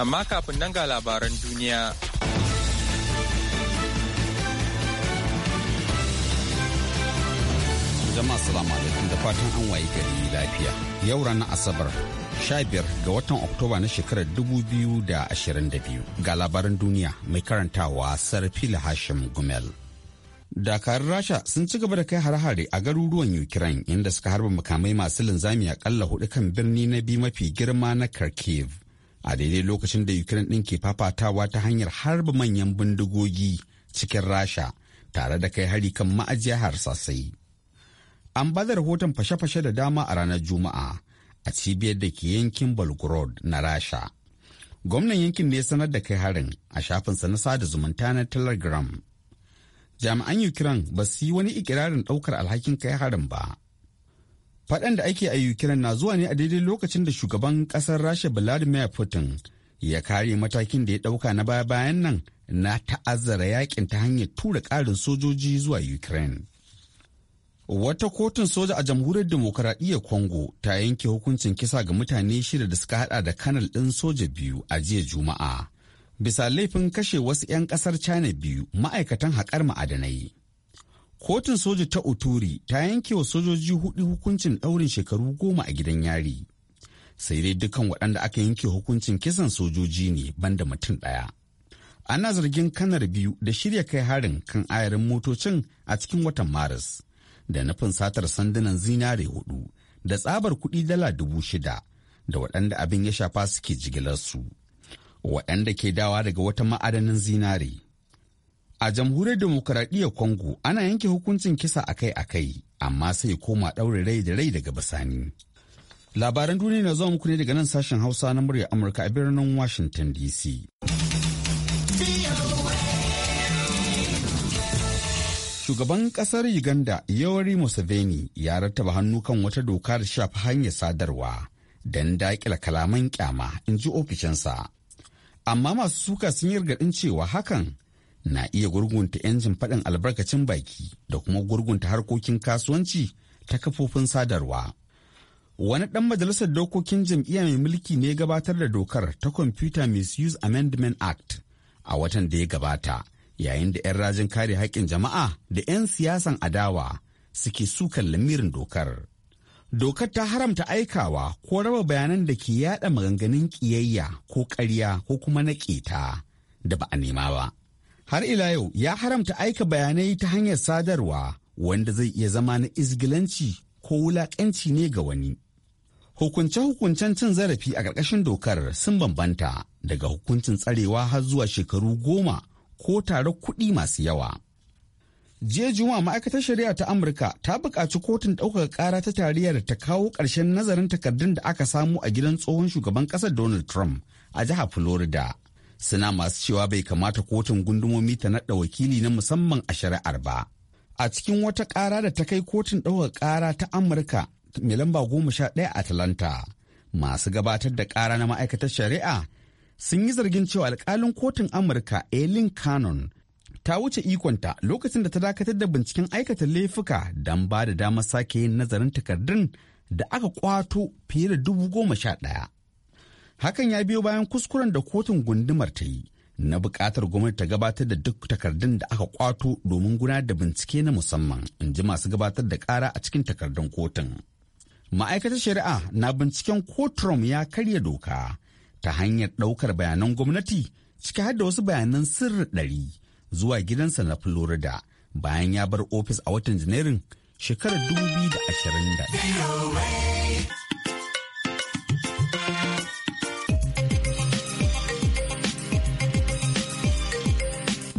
amma kafin nan ga labaran duniya. Jama'a salama alaikum da fatan an waye gari lafiya. Yau ranar Asabar sha biyar ga watan Oktoba na shekarar da ashirin biyu ga labaran duniya mai karantawa Sarfila Hashim Gumel. Dakarun Rasha sun ci gaba da kai hare-hare a garuruwan Ukraine inda suka harba makamai masu linzami akalla hudu kan birni na biyu mafi girma na Kharkiv. a daidai lokacin da ukraine ɗin ke fafatawa ta hanyar harba manyan bindigogi cikin rasha tare da kai hari kan ma'ajiya harsasai an ba da rahoton fashe-fashe da dama a ranar juma'a a cibiyar da ke yankin belgrade na rasha gwamnan yankin ne sanar da kai harin a shafin sa na sada zumunta na telegram jami'an ukraine ba su yi wani ikirarin ɗaukar alhakin kai harin ba Faɗan da ake a Ukraine na zuwa ne a daidai lokacin da shugaban ƙasar Rasha Vladimir Putin ya kare matakin da ya ɗauka na baya-bayan nan na ta'azzara yakin ta hanyar tura ƙarin sojoji zuwa Ukraine. Wata kotun soja a jamhuriyar demokaradiyyar Congo ta yanke hukuncin kisa ga mutane shida da suka hada da kanal ɗin soja biyu a jiya Juma'a. Bisa laifin kashe wasu 'yan ƙasar China biyu ma'aikatan haƙar ma'adanai. Kotun soja ta Uturi ta yanke wa sojoji hudu hukuncin daurin shekaru goma a gidan yari. Sai dai dukan waɗanda aka yanke hukuncin kisan sojoji ne banda mutum ɗaya. Ana zargin kanar biyu da shirya kai harin kan ayarin motocin a cikin watan Maris da nufin satar sandunan zinare hudu da tsabar kuɗi dala dubu shida da waɗanda abin ya shafa suke jigilar su, waɗanda ke dawa daga wata ma'adanin zinare A jamhuriyar demokaradiyyar Kongo, ana yanke hukuncin kisa akai-akai, amma sai koma ɗaure rai da rai daga bisani. Labaran duniya na zuwa muku ne daga nan sashen Hausa na muryar Amurka a birnin Washington DC. Shugaban ƙasar Uganda Yoweri Museveni ya rattaba hannu kan wata doka da shafi hanyar sadarwa don daƙila kalaman kyama in ji ofishinsa. Amma masu suka sun yi cewa hakan na iya gurgunta 'yancin faɗin albarkacin baki da kuma gurgunta harkokin kasuwanci ta kafofin sadarwa. Wani ɗan majalisar dokokin jam'iyya mai mulki ne gabatar da dokar ta Computer Misuse Amendment Act a watan da ya gabata, yayin da 'yan rajin kare haƙƙin jama'a da 'yan siyasan adawa suke sukan lamirin dokar. Dokar ta haramta aikawa ko raba bayanan da ke yada maganganun ƙiyayya ko ƙarya ko kuma na ƙeta da ba a nema ba. har ila yau ya haramta aika bayanai ta hanyar sadarwa wanda zai iya zama na izgilanci ko wulaƙanci ne ga wani. Hukunce-hukuncen cin zarafi a ƙarƙashin dokar sun bambanta daga hukuncin tsarewa har zuwa shekaru goma ko tare kuɗi masu yawa. Jiya Juma ma'aikatar shari'a ta Amurka ta buƙaci kotun ɗaukaka ƙara ta tariyar ta kawo ƙarshen nazarin takardun da aka samu a gidan tsohon shugaban ƙasar Donald Trump a jihar Florida suna masu cewa bai kamata kotun gundumomi ta naɗa wakili na musamman a shari'ar ba a cikin wata ƙara da ta kai kotun ɗaukar ƙara ta amurka mai lamba goma sha ɗaya atalanta masu gabatar da ƙara na ma'aikatar shari'a sun yi zargin cewa alƙalin kotun amurka elin canon ta wuce ikonta lokacin da ta dakatar da binciken aikata laifuka don ba da damar sake yin nazarin takardun da aka kwato fiye da dubu goma sha ɗaya hakan ya biyo bayan kuskuren da kotun gundumar ta yi na buƙatar gwamnati ta gabatar da duk takardun da aka kwato domin gudanar da bincike na musamman in ji masu gabatar da ƙara a cikin takardun kotun ma'aikatar shari'a na binciken ko ya karya doka ta hanyar ɗaukar bayanan gwamnati ciki har da wasu bayanan sirri ɗari zuwa gidansa na florida bayan ya bar ofis a watan janairun shekarar 2021.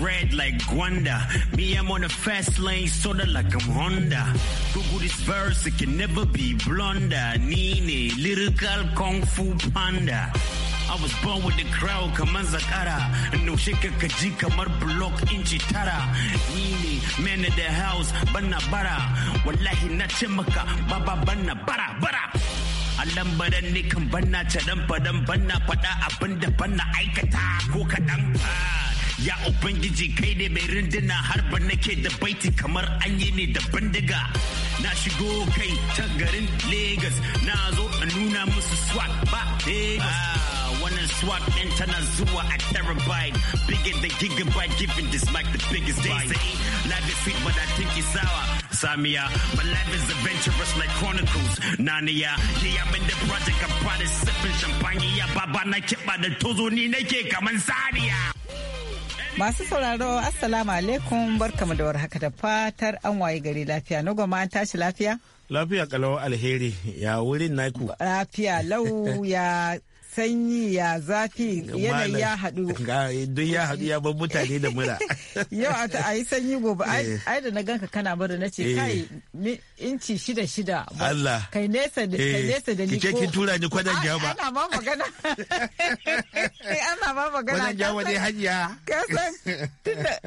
red like Gwanda. Me, I'm on the fast lane, sorta like I'm Honda. Google this verse, it can never be blunder. Nini, little girl, kung fu panda. I was born with the crowd kamar zakara no shika kajika, kamar block in Chitara. Nini man of the house bana bara wallahi na baba bana bara bara Allah baran ne kan banna ta dan fadan banna fada abinda banna aikata ko kaɗan. ya ubangiji kai ne mai runduna harba nake da baiti kamar an yi ne da bindiga na shigo kai ta garin Legas na zo a nuna musu swat ba Legas. Ah, wannan swap ɗin tana zuwa a terabyte Bigger than gigabyte giving this mic the biggest day. They say life is sweet but I think it's sour Samia, my life is adventurous like Chronicles Narnia, yeah I'm in the project I'm proud of sipping champagne Yeah baba na kiɓa da tozo ni nake kaman sariya Masu sauraro Assalamu alaikum barkamu da warhaka da fatar an waye gari lafiya. Na goma an tashi lafiya? Lafiya kalau alheri ya wurin naku. Lafiya lau ya sanyi ya zafi yanayi ya haɗu duk ya haɗu ya ban mutane da mura yau a yi sanyi gobe eh. ai da na ganka kana mura na ce kai eh. inci shida shida Allah kai nesa da kai eh. nesa da ni ko ki tura ni kwadan jama ana ma magana ana ma magana kwadan jama dai hajiya kasan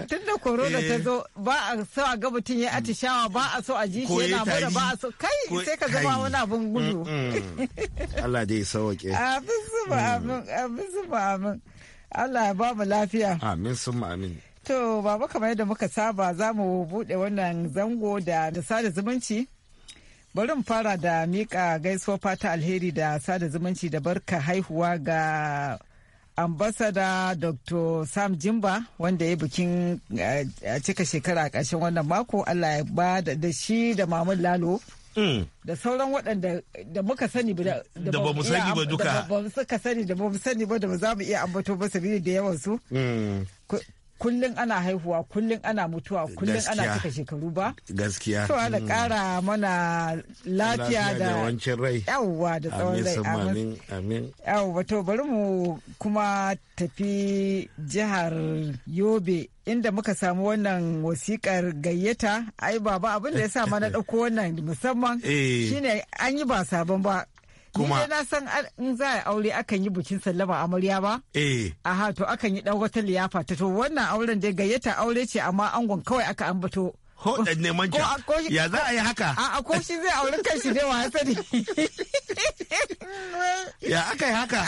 tunda corona ta zo ba a so a ga mutun ya atishawa ba a so a ji shi yana mura ba a so kai sai ka zama wani abun gudu mm, mm. Allah dai sauke zuba mm. amin amin amin Allah ya ba mu lafiya amin sun amin to baba kamar yadda muka saba za mu buɗe wannan zango da da sada zumunci bari mu fara da miƙa gaisuwar fata alheri da sada zumunci da barka haihuwa ga ambasada dr sam jimba wanda ya bikin eh, a cika shekara a ƙarshen wannan mako allah ya ba da shi da mamun lalo Mm. da sauran waɗanda da muka sani ba da ba mu sani ba duka da ba mu sani ba da ba za mu iya ambato ba sabili da yawan su mm. kullum ana haihuwa kullum ana mutuwa kullum ana cika shekaru ba gaskiya to ana kara mm. mana lafiya da wancan rai yawwa da tsawon rai amin amin yawwa to bari mu kuma tafi jihar yobe inda muka samu wannan wasikar gayyata ai baba abin da ya sa mana dauko wannan musamman eh. shine an yi ba sabon ba kuma na san in za a aure akan yi bikin sallama amarya ba eh aha to akan yi dan wata liyafa ta to wannan auren dai gayyata aure ce amma angon kawai aka ambato hoɗan neman can ya za a yi haka a ko shi zai aure kan shi dai wa ne ya aka yi haka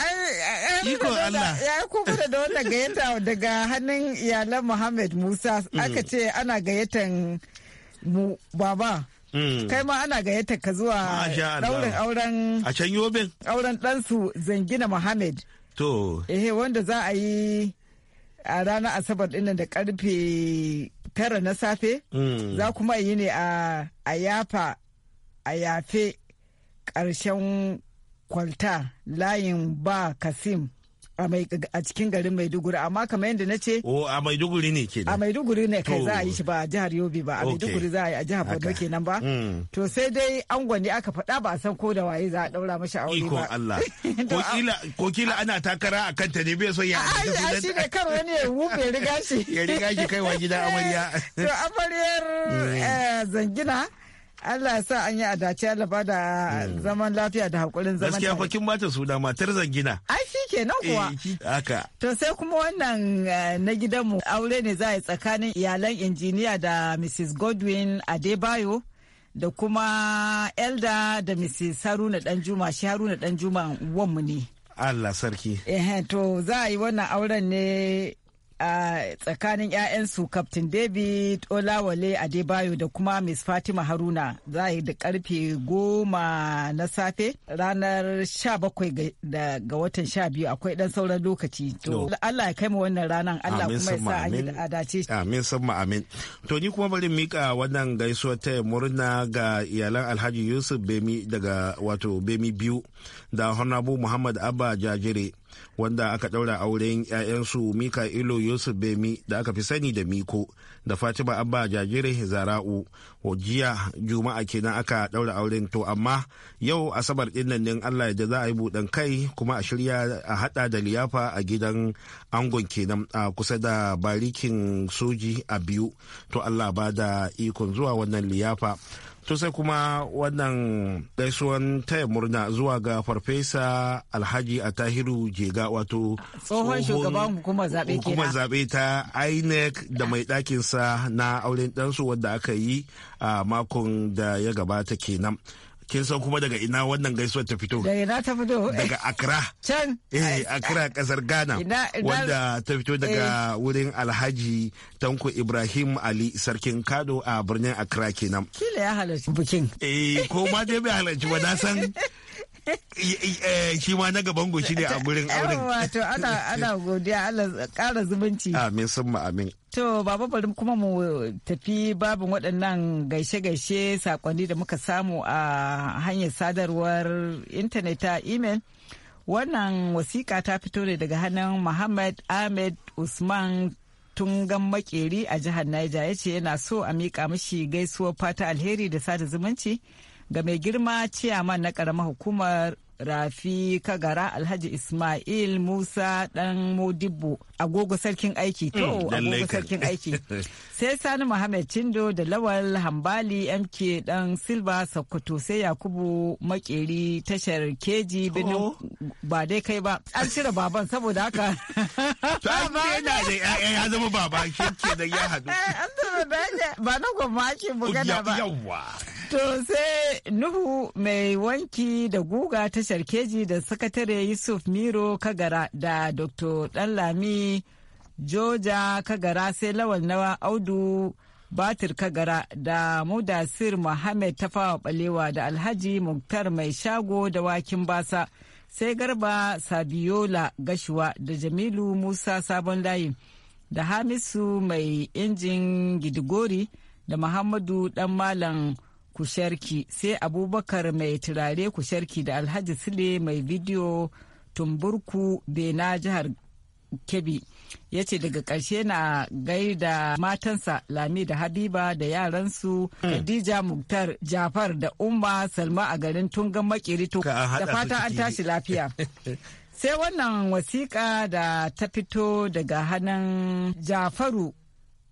iko Allah ya kuma da wannan gayyata daga hannun iyalan Muhammad Musa hmm. aka ce ana gayyatan mu baba Hmm. kai ma ana gayyatar ka zuwa daurin auren a can yobin auren ɗansu zangina muhammad to ehe wanda za a yi a ranar asabar dinnan da karfe tara na safe hmm. za kuma yi ne a yafa a yafe ƙarshen kwalta layin ba kasim a cikin garin Maiduguri amma kamar yadda na ce o a Maiduguri ne ke a Maiduguri ne kai za a yi shi ba a jihar Yobe ba a Maiduguri za a yi a jihar Borno kenan ba hmm. to sai dai an gwani aka faɗa ba a san ko da waye za a daura mashi aure ba iko Allah ko kila ko kila ana takara a kanta ne bai so ya a shi ne kar wani ya wufe riga shi ya riga shi kai wa gida amarya to amaryar hmm. eh, zangina Allah ya sa an yi dace Allah ba da hmm. zaman lafiya da hakurin zaman Gaskiya fa kin suna matar zangina. Ai shi nan kuwa. Eh, haka. To sai kuma wannan eh, na gidanmu aure ne za a yi tsakanin iyalan injiniya da Mrs. Godwin Adebayo. da kuma Elda da Mrs. Haruna Danjuma shi Haruna Danjuma wanmu ne. Allah sarki. Eh to za a yi wannan auren ne a tsakanin 'ya'yansu captain david olawale adebayo da kuma miss fatima haruna za a yi da karfe goma na safe ranar 17 ga watan 12 akwai dan sauran lokaci to allah ya kai mu wannan ranar allah kuma ya sa a yi adace amin samma amin to ni kuma bari mika wannan gaisuwa ta murna ga iyalan alhaji yusuf bemi daga wato bemi biyu da honorable muhammad abba jajire wanda aka ɗaura auren 'ya'yansu ilo Yusuf Bemi da aka fi sani da Miko da Fatima Abba Jajire Zara'u. Jiya Juma'a kenan aka ɗaura auren to amma yau Asabar ɗin nan din Allah da za a yi buɗan kai kuma a shirya a haɗa da liyafa a gidan angon kenan a kusa da barikin soji a biyu to Allah ba da ikon zuwa wannan liyafa. sosai kuma wannan gaisuwan taya murna zuwa ga farfesa Alhaji a tahiru Jega wato tsohon shugaban hukumar zaɓe ta INEC da mai ɗakinsa na auren ɗansu wadda aka yi a makon da ya gabata kenan. kin san kuma daga ina wannan gaisuwar ta fito daga ina ta fito daga Accra can eh Accra kasar Ghana wanda ta fito daga eh. wurin Alhaji Tanko Ibrahim Ali sarkin Kado a birnin Accra kenan kila ya halarci bikin eh ko ma dai bai halarci ba na san Eh, shi ma na gaban goshi ne a gurin auren wato ana godiya Allah ƙara zumunci amin summa amin to baba bari kuma mu tafi babin waɗannan gaishe-gaishe saƙonni da muka samu a hanyar sadarwar intanet ta email wannan wasiƙa ta fito ne daga hannun Muhammad Ahmed Usman tungan makeri a jihar Niger ya ce yana so a miƙa mashi gaisuwar fata alheri da sada zumunci ga mai girma ciyaman na karamar hukumar rafi kagara alhaji ismail musa dan modibo agogo sarkin aiki to hmm, agogo sarkin aiki sai sani muhammad cindo da lawal hambali mk dan silva sokoto sai yakubu makeri tashar keji birnin ba dai kai ba an cire baban saboda haka ya zama baban ke da ya hadu ba na gwamnati ake bugana ba To sai Nuhu mai wanki da guga ta sharkeji da sakatare Yusuf Miro Kagara da Dr. danlami Joja Kagara sai lawal nawa Audu Batir Kagara da Mudasir Mohammed Tafawa Balewa da Alhaji Muktar Mai Shago da Wakin Basa sai Garba Sabiola Gashuwa da Jamilu Musa Sabon Layi da Hamisu Mai Injin Gidigori da Muhammadu Dan Malam kusharki sai abubakar mai turare kusharki da alhaji sule mai bidiyo tumburku bena jihar kebbi ya ce daga ƙarshe na gaida matansa lami da habiba da yaransu hmm. khadija muktar jafar da umma salma a garin tungan makirito da fata an tashi lafiya sai wannan wasiƙa da ta fito daga hannun jafaru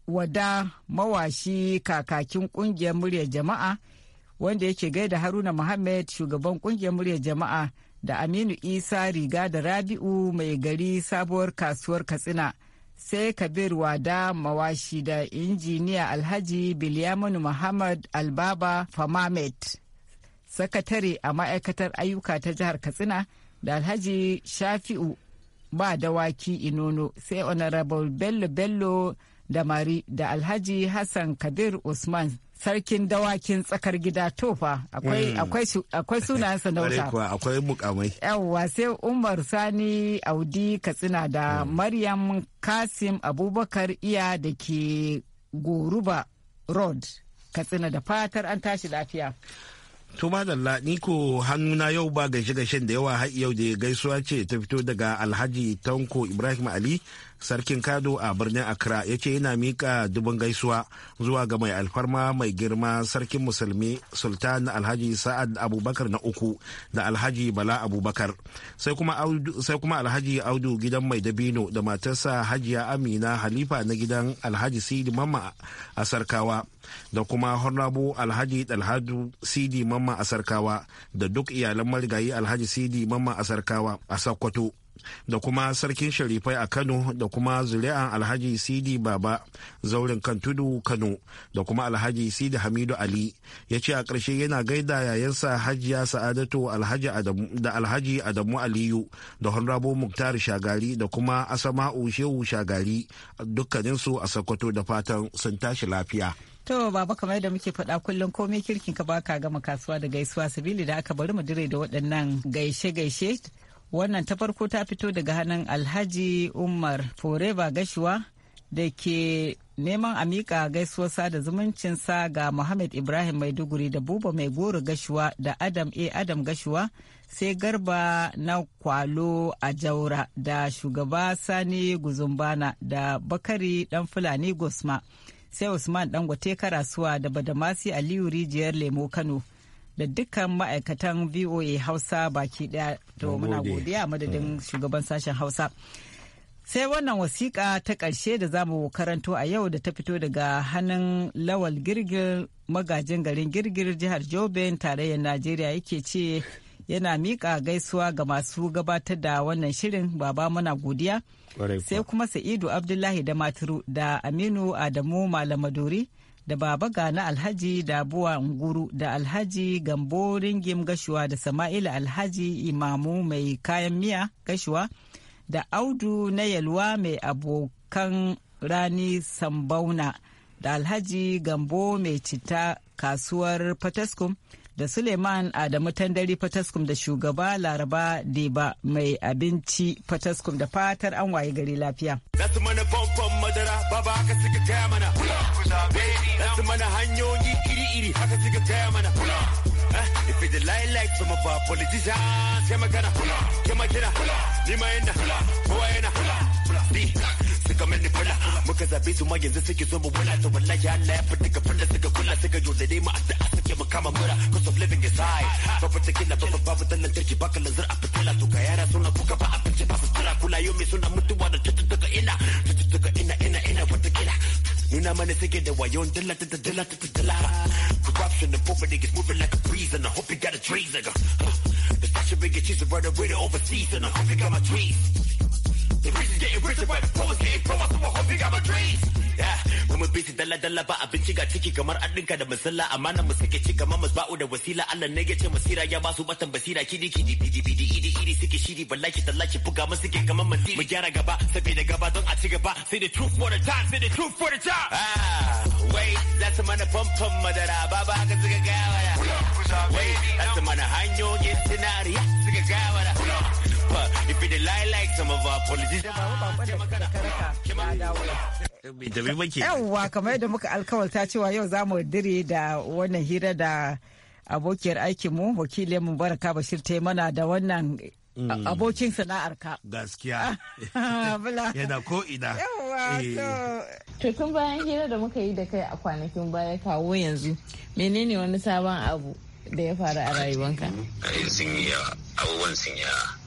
wada mawashi kakakin ƙungiyar muryar jama'a wanda yake gaida haruna muhammed shugaban kungiyar muryar jama'a da aminu isa riga da rabi'u mai gari sabuwar kasuwar katsina sai kabir wada mawashi da injiniya alhaji bilyaminu muhammad albaba famamed sakatare a ma'aikatar ayyuka ta jihar katsina da alhaji shafi'u ba dawaki inono sai honorable bello bello da mari da alhaji hassan kabir usman sarkin dawakin tsakar gida tofa akwai mm. sunayen na akwai mukamai yawwa sai umar sani audi katsina da mm. maryam kasim abubakar iya da ke goruba road katsina da fatar an tashi lafiya To madalla ni ko na yau ba gaishe-gaishen da yawa har yau da gaisuwa ce ta fito daga Alhaji Tanko Ibrahim Ali sarkin Kado a birnin Accra yace yana mika dubin gaisuwa zuwa ga mai alfarma mai girma sarkin musulmi Sultan Alhaji Sa'ad Abubakar na uku da Alhaji Bala Abubakar sai kuma sai kuma Alhaji Audu gidan mai dabino da matarsa Hajiya Amina Halifa na gidan Alhaji Sidi mama a Sarkawa da kuma hornabu alhaji dalhadu sidi mamma a sarkawa da duk iyalan marigayi alhaji sidi mamma a sarkawa a sakkwato da kuma sarkin sharifai a kano da kuma zuri'an alhaji sidi baba zaurin kan tudu kano da kuma alhaji sidi hamidu ali ya ce a ƙarshe yana gaida yayansa hajiya sa'adatu da alhaji adamu aliyu da honrabo muktar shagari da kuma asama'u shehu shagari dukkaninsu a sokoto da fatan sun tashi lafiya To baba kamar da muke faɗa kullum komai kirkin ka baka gama kasuwa da gaisuwa sabili da aka bari mu dire da waɗannan gaishe-gaishe. Wannan ta farko ta fito daga hannun Alhaji Umar Foreba Gashuwa da ke neman a miƙa gaisuwar sada sa ga Muhammad Ibrahim Maiduguri da Buba Mai Goro Gashuwa da Adam A. Adam Gashuwa sai Garba na Kwalo a Jaura da Shugaba Sani Guzumbana da Bakari Ɗan Fulani Gosma. sai usman dangote karasuwa da badamasi aliyu rijiyar lemo kano da dukkan ma'aikatan voa hausa baki daya da muna godiya madadin eh. shugaban sashen hausa sai wannan wasiƙa ta ƙarshe da za mu karanto a yau da ta fito daga hannun lawal girgir magajin garin girgir jihar jobin tarayyar najeriya yake ce yana miƙa gaisuwa ga masu gabatar da wannan shirin baba muna godiya sai kuma sa'idu abdullahi da maturu da aminu adamu malamadori da baba gana alhaji da buwa nguru da alhaji gambo ringim gashuwa da sama'ila alhaji imamu mai kayan miya gashuwa da audu na yalwa mai abokan rani sambauna da alhaji gambo mai cita kasuwar fataskum da Suleiman Adamu Tandari Fataskum da shugaba Laraba Deba mai abinci Fataskum da fatar an waye gari lafiya. Nasu mana famfon madara baba haka suka taya mana. Nasu mana hanyoyi iri-iri haka suka taya mana. Eh, if it's a lie like some of our politicians, kema kana, kema kira, nima yana, kowa yana, suka mini kula, muka zabe su ma yanzu suke so mu wala, to wallahi Allah ya fita ka fada suka kula suka yo da dai mu kama mura cost of living is high ba fatakila ba babba ba dannan tarki baka lazar a fitila to ga yara suna kuka ba a fice ba su tura kula yau mai suna mutuwa da cututtuka ina cututtuka ina ina ina fatakila nuna mana suke da wayon dala ta dala ta dala corruption and poverty is moving like a breeze and I hope you got a trees nigga the fashion big cheese is right away to overseas and I hope you got my trees the reason getting richer by the poets getting pro so I hope you got my trees kuma bisi dalla dalla ba abinci ga ciki kamar adinka da masalla amma na sake ci kamar musba'u da wasila Allah ne ya ce masira ya ba su batan basira kidi kidi bidi bidi idi idi suke shiri ballaki tallaki buga musu ke kamar masiri mu gyara gaba saboda gaba don a ci gaba sai the truth for the time sai the truth for the time ah a man su pump pump madara baba ga suka gawara a man su hanyo hanyoyin tunariya suka gawara If it lie like some of our politicians. yawwa kamar yadda muka alkawalta cewa yau za mu dire da wannan hira da abokiyar aikinmu wakilin mu baraka bashir ta mana da wannan mm. abokin sana'arka gaskiya yana ko ina yawwa eh. to tun bayan hira da muka yi da kai a kwanakin baya kawo yanzu menene wani sabon abu da ya faru a rayuwanka sun yi abubuwan sun yawa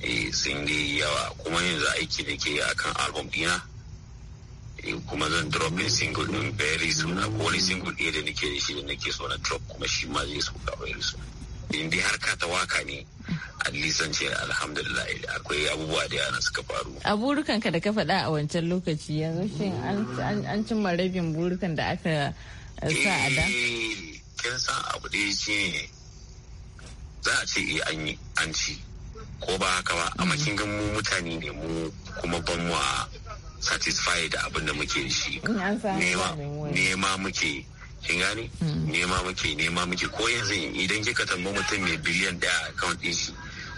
Eh, sun yi yawa kuma yanzu aiki da ke akan album dina eh, kuma zan drop din single ɗin very soon a kowane single ɗaya da nake da shi da nake so na drop kuma shi ma zai so ga very soon in dai harka ta waka ne at least zan ce alhamdulillah akwai abubuwa da yana suka faru a burukanka da ka faɗa a wancan lokaci yanzu shi an cin rabin burukan da aka eh, sa a da kin san abu ɗaya ya ne za a ce an yi an ci ko ba haka ba a kin ga mu mutane ne mu kuma ban wa satisfy da abin da muke shi nema muke kin gane mm. nema muke nema muke ko yanzu idan kika tambo mutum mai biliyan daya account din shi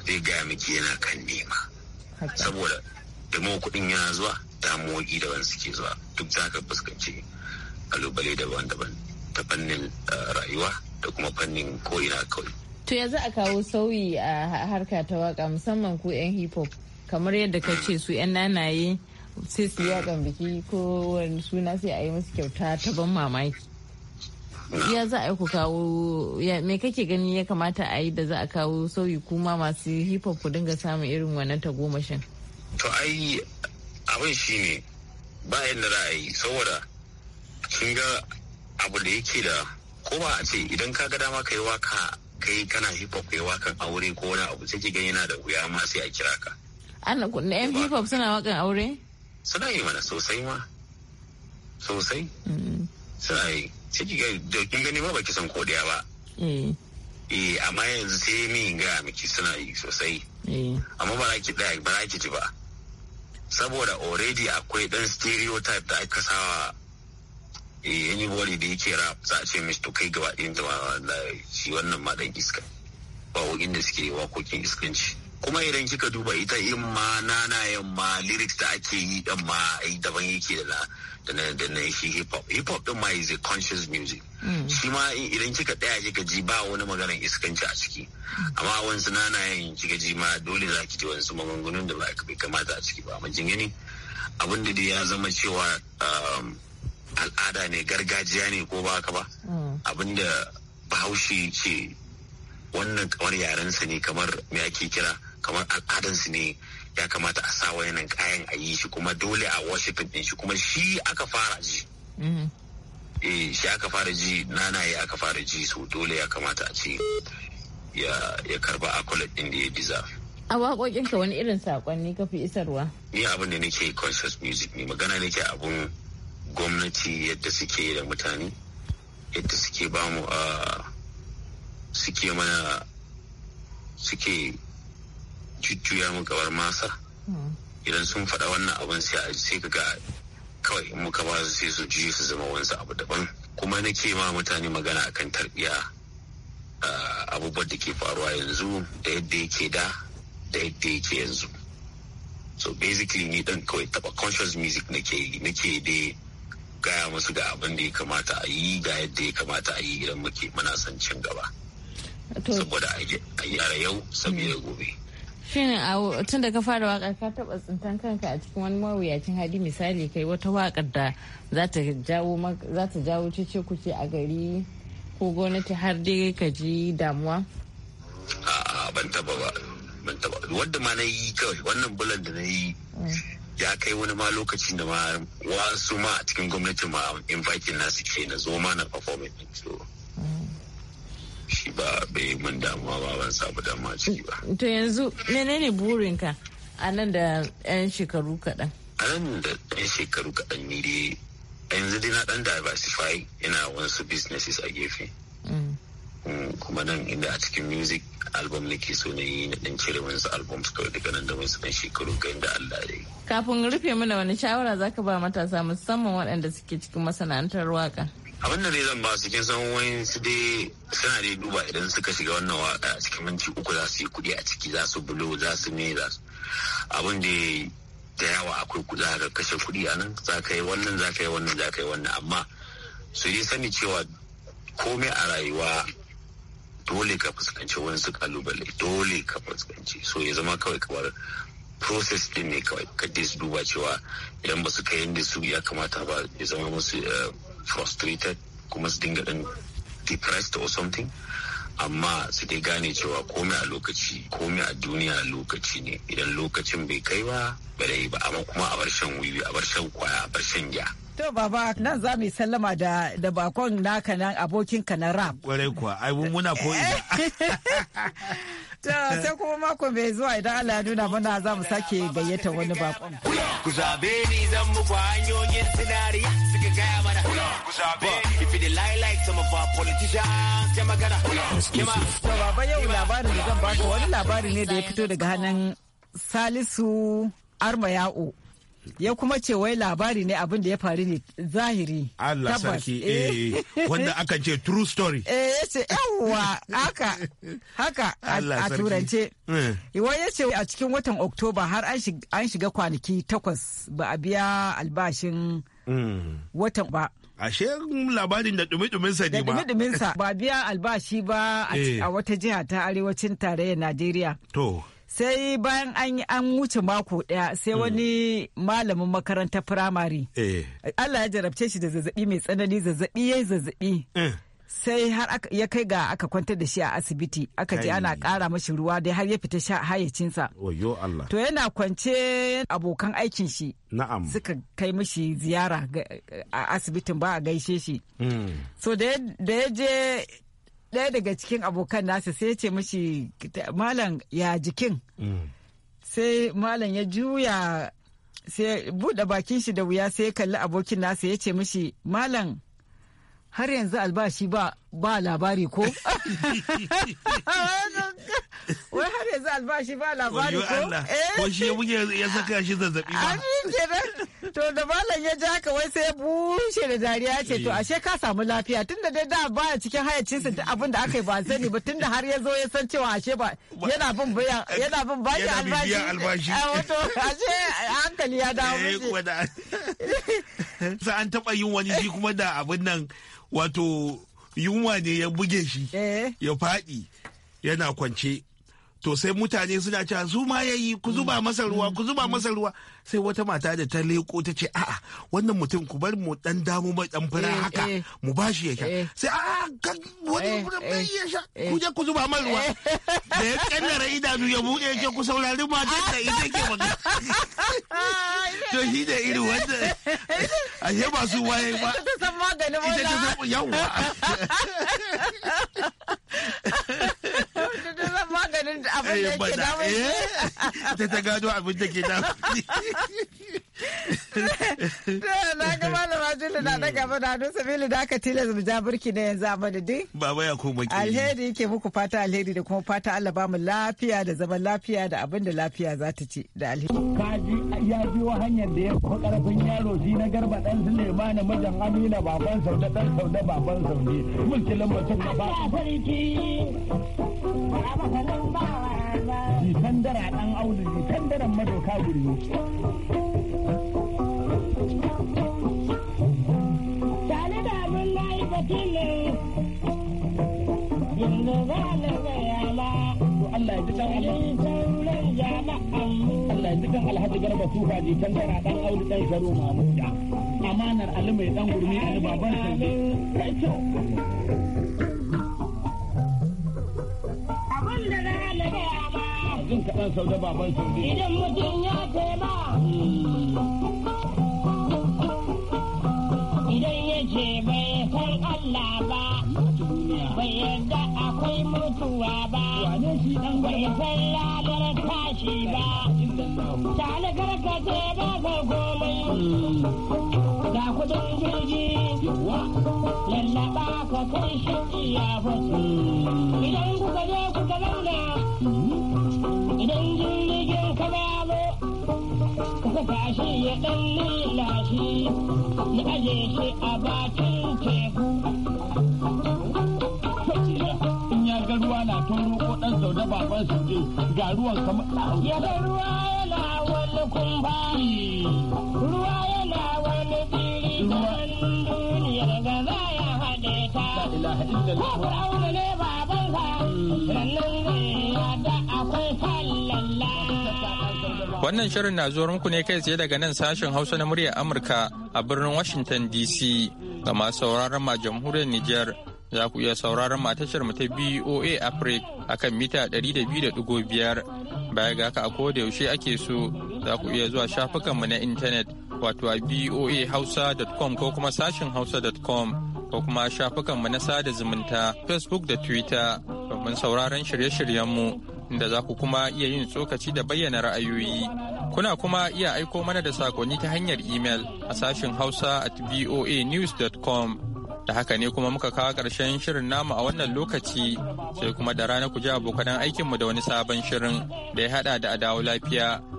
zai gaya miki yana kan nema saboda da kuɗin ya zuwa damuwoyi daban suke zuwa duk za ka fuskanci kalubale daban-daban ta fannin eh, rayuwa da kuma fannin ko ina kawai to ya za a kawo sauyi a harka ta waka musamman ku 'yan hip hop kamar yadda ka ce su 'yan nanaye sai su yakan biki ko wani suna sai a yi musu kyauta ta ban mamaki ya za a yi ku kawo me kake gani ya kamata a yi da za a kawo sauyi kuma masu hip hop ku dinga samun irin wannan tagomashin to ai abin shi ne ba yadda za a yi saboda kin ga abu da yake da ko ba a ce idan ka ga dama ka yi waka kai kana hip hop kai wakan aure ko wani abu sai kiga yana da wuya ma sai a kira ka Allah ku na hip hop suna wakan aure suna yi mana sosai ma sosai mm. suna yi sai kiga da kin gani ma baki san daya ba eh. eh amma yanzu sai in ga miki suna yi sosai eh. amma ba za ki ba za ki ji ba saboda already akwai dan stereotype da aka sawa Eh, anybody da yake rap za a ce mishi to kai gaba ɗin da shi wannan ma dan iska wakin da suke wakokin iskanci kuma idan kika duba ita in ma na na ma lyrics da ake yi dan ma daban yake da na da na shi hip hop hip hop din ma is a conscious music mm. shi ma idan kika tsaya kika ji ba wani maganar iskanci a ciki mm. amma wansu yin kika ji ma dole za ki ji wasu magungunan da ba kamata a ciki ba amma jin gani abin da ya zama cewa um, al'ada ne gargajiya ne ko ba ka ba hmm. abinda bahaushe ce wannan kamar yarensa ne kamar me ake kira kamar al'adansu ne ya kamata a sa wayannan kayan a yi shi kuma dole a worship din shi kuma shi aka fara ji hmm. eh shi aka fara ji ya aka fara ji so dole ya kamata a ce ya karba accolade din da ya deserve a waƙoƙinka wani irin saƙon ne ka isarwa ni abin da nake conscious music ne magana nake abun gwamnati yadda suke da mutane yadda suke ba mu a suke mana suke jujjuya mu gabar masa idan sun faɗa wannan abin sai sai ka ga kawai in muka ba su sai su juye su zama wani abu daban kuma nake ma mutane magana akan tarbiya abubuwan da ke faruwa yanzu da yadda yake da da yadda yake yanzu so basically ni dan kawai taba conscious music nake nake dai gaya musu ga abin da ya kamata a yi ga yadda ya kamata a yi idan muke muna son cin gaba saboda a yara yau saboda hmm. gobe shin tun da ka fara wakar ka taɓa tsintan kanka a cikin wani mawuyacin hali misali kai wata wakar da za ta jawo za ta jawo cece kuce a gari ko gwamnati har dai ka ji damuwa a'a ban taba ba ban taba wanda ma na yi kawai wannan bulan da na yi hmm. ya kai wani ma lokaci da ma wasu ma a cikin gwamnati ma in fakin nasu ke na zo ma na performing so shi ba bai mun damuwa ba ban samu damuwa ciki ba to yanzu menene ka a nan da yan shekaru kaɗan a nan da yan shekaru kaɗan ni dai yanzu dai na dan diversify ina wasu businesses a gefe Mm, kuma nan inda a cikin music album nake so na yi na dan cire wani album su kawai daga nan da wani dan shekaru ga inda Allah ya yi. Kafin rufe mana wani shawara zaka ba matasa musamman waɗanda suke cikin masana'antar waka. abin da zan ba su kin san wani su dai suna dai duba idan suka shiga wannan waka a cikin minti uku za su yi kuɗi a ciki za su bulo za su ne za su abin da da yawa akwai kuɗi ga kashe kuɗi a nan za ka yi wannan za ka yi wannan za ka yi wannan amma su dai sani cewa komai a rayuwa dole ka fuskanci wani su kalubale dole ka fuskanci so ya zama kawai kamar process din ne kawai ka su duba cewa idan ba su kai yadda su ya kamata ba ya zama musu eh, frustrated kuma su dinga ɗin depressed or something amma su dai gane cewa komai a lokaci komai a duniya lokaci ne idan lokacin bai kai ba ba da yi ba amma kuma a bar shan wiwi a bar shan kwaya a bar shan giya To baba nan za mu sallama da da bakon naka nan abokin ka na rap. Kwarai kuwa ai muna ko ina. Eh. To sai kuma mako mai zuwa idan Allah ya nuna mana za mu sake gayyata wani bakon. Ku zabe ni zan muku hanyoyin sinari suka gaya mana. Ku zabe if you lie like some of our politicians ta magana. To baba yau labarin da zan baka wani labari ne da ya fito daga hannun Salisu Arma ya kuma ce wai labari ne abin da ya faru ne zahiri Allah sarki eh. eh wanda aka ce true story eh yace yawa haka haka a turance eh. wai yace a cikin watan oktoba har an shiga kwanaki takwas ba a biya albashin mm. watan ba ashe labarin da dumi sa ne ba. Da dumi-duminsa ba biya albashi ba eh. a wata jiha ta arewacin tarayyar Najeriya. To. sai bayan an an wuce mako daya sai mm. wani malamin makarantar firamare eh. Allah ya jarabce shi da zazzabi mai tsanani zazzabi yayi zazzabi eh. sai har ya kai ga aka kwantar da shi a asibiti aka je ana kara mashi ruwa dai har ya fita sha hayyacinsa to yana kwance abokan aikin shi na'am suka kai mashi ziyara a asibitin ba a gaishe shi mm. so da ya je ɗaya daga cikin abokan nasa sai ce mishi malam ya jikin mm. sai malam ya juya sai buɗe bakin shi da wuya sai kalli abokin nasa ya ce mishi malam har yanzu albashi ba ba labari ko wai har yanzu albashi ba labari ko eh. ko shi ya buge ya saka shi zazzabi ba kenan to da malam ya ja ka wai sai ya bushe da dariya ya ce to ashe ka samu lafiya tunda dai da ba cikin hayacin sa abin da aka yi ba sani ba tunda har ya zo ya san cewa ashe ba yana bin bayan yana bin bashi albashi Yana albashi. Eh, wato ashe hankali ya dawo eh, mishi sa an taɓa yin wani shi kuma da abin nan wato yunwa ne ya buge shi eh. ya faɗi yana kwance to sai mutane suna cewa su ma ya yi ku zuba mm. masa ruwa ku zuba mm. masa ruwa sai wata mata da ta leko ta ce a'a wannan mutum ku bar mu dan damu mai dan fara eh, haka eh. mu bashi ya sha eh. sai a'a wani bai ya sha ku je ku zuba masa ruwa da ya kallara idanu ya bude ke ku saurari ma da ita ke magana to shi da irin wanda ashe ba su waye ba ita ta san maganin yawa abin da yake eh, damun eh, ta ta gado abin da ke damun na ga malama na daga mana da aka tilas mu ja na yanzu a baba ya ko alheri yake muku fata alheri da kuma fata Allah ba mu lafiya da zaman lafiya da abin da lafiya za ta ci da alheri kaji ya biyo hanyar da ya fi yaro garba Amina baban baban jikan dara dan audu jikan daren madoka gurbi tare da abin layi batile yinda ba na bayana Allah ya ji kan Allah ya ji kan alhaji garba tufa jikan ɗan dan ɗan zaro mamu mamuja amanar ali mai ɗan gurmi ali baban sai kai jin kaɗan sau da baban saudi idan mutum ya tema idan ya ce bai san allah ba bai yadda akwai mutuwa ba bai san ranar tashi ba tare karkace ba ga komai da kudin jirgi lallaba ka kai shi iya idan kuka je kuka zauna idan jirgin ka zo ka saka ya dan nuna ya aje shi a bakin teku ya ga ruwa na toro ko sau da baban su je ga ruwan kamar ya ruwa yana wani kumba ruwa yana wani tsiri duniyar gaza Wannan shirin na zuwar muku ne kai tsaye daga nan sashen Hausa na muryar Amurka a birnin Washington DC ga masu sauraron ma jamhuriyar Nijar za ku iya sauraron tashar mu ta BOA Africa a kan mita 200.5 baya ga haka a koda yaushe ake so za ku iya zuwa shafukanmu na intanet wato a boahausa.com ko kuma sashen hausa.com ko kuma shafukanmu na sada zumunta Facebook da Twitter domin sauraron shirye-shiryenmu inda za ku kuma iya yin tsokaci da bayyana ra'ayoyi. Kuna kuma iya aiko mana da sakonni ta hanyar imel a sashin Hausa at voanews.com. Da haka ne kuma muka kawo ƙarshen shirin namu a wannan lokaci sai kuma da rana ku ji abokan aikinmu da wani sabon shirin da ya haɗa da dawo lafiya.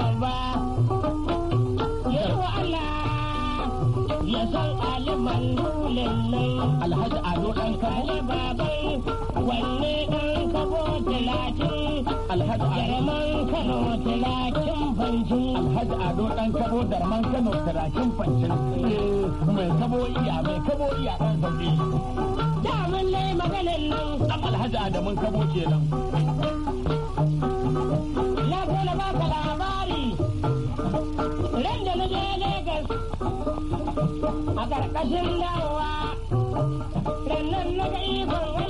babba yau Allah ya san aliman dulin nan alhaji ado ɗan kabo babai wanne dan kabo talatin alhaji jarman kano talatin fancin alhaji ado ɗan kabo darman kano talatin fancin eh, mai kabo iya mai kabo iya dan sauki da mun lai maganan nan dan alhaji adamun kabo kenan na ko na baka a ƙarƙashin dawa rannan na ga ikon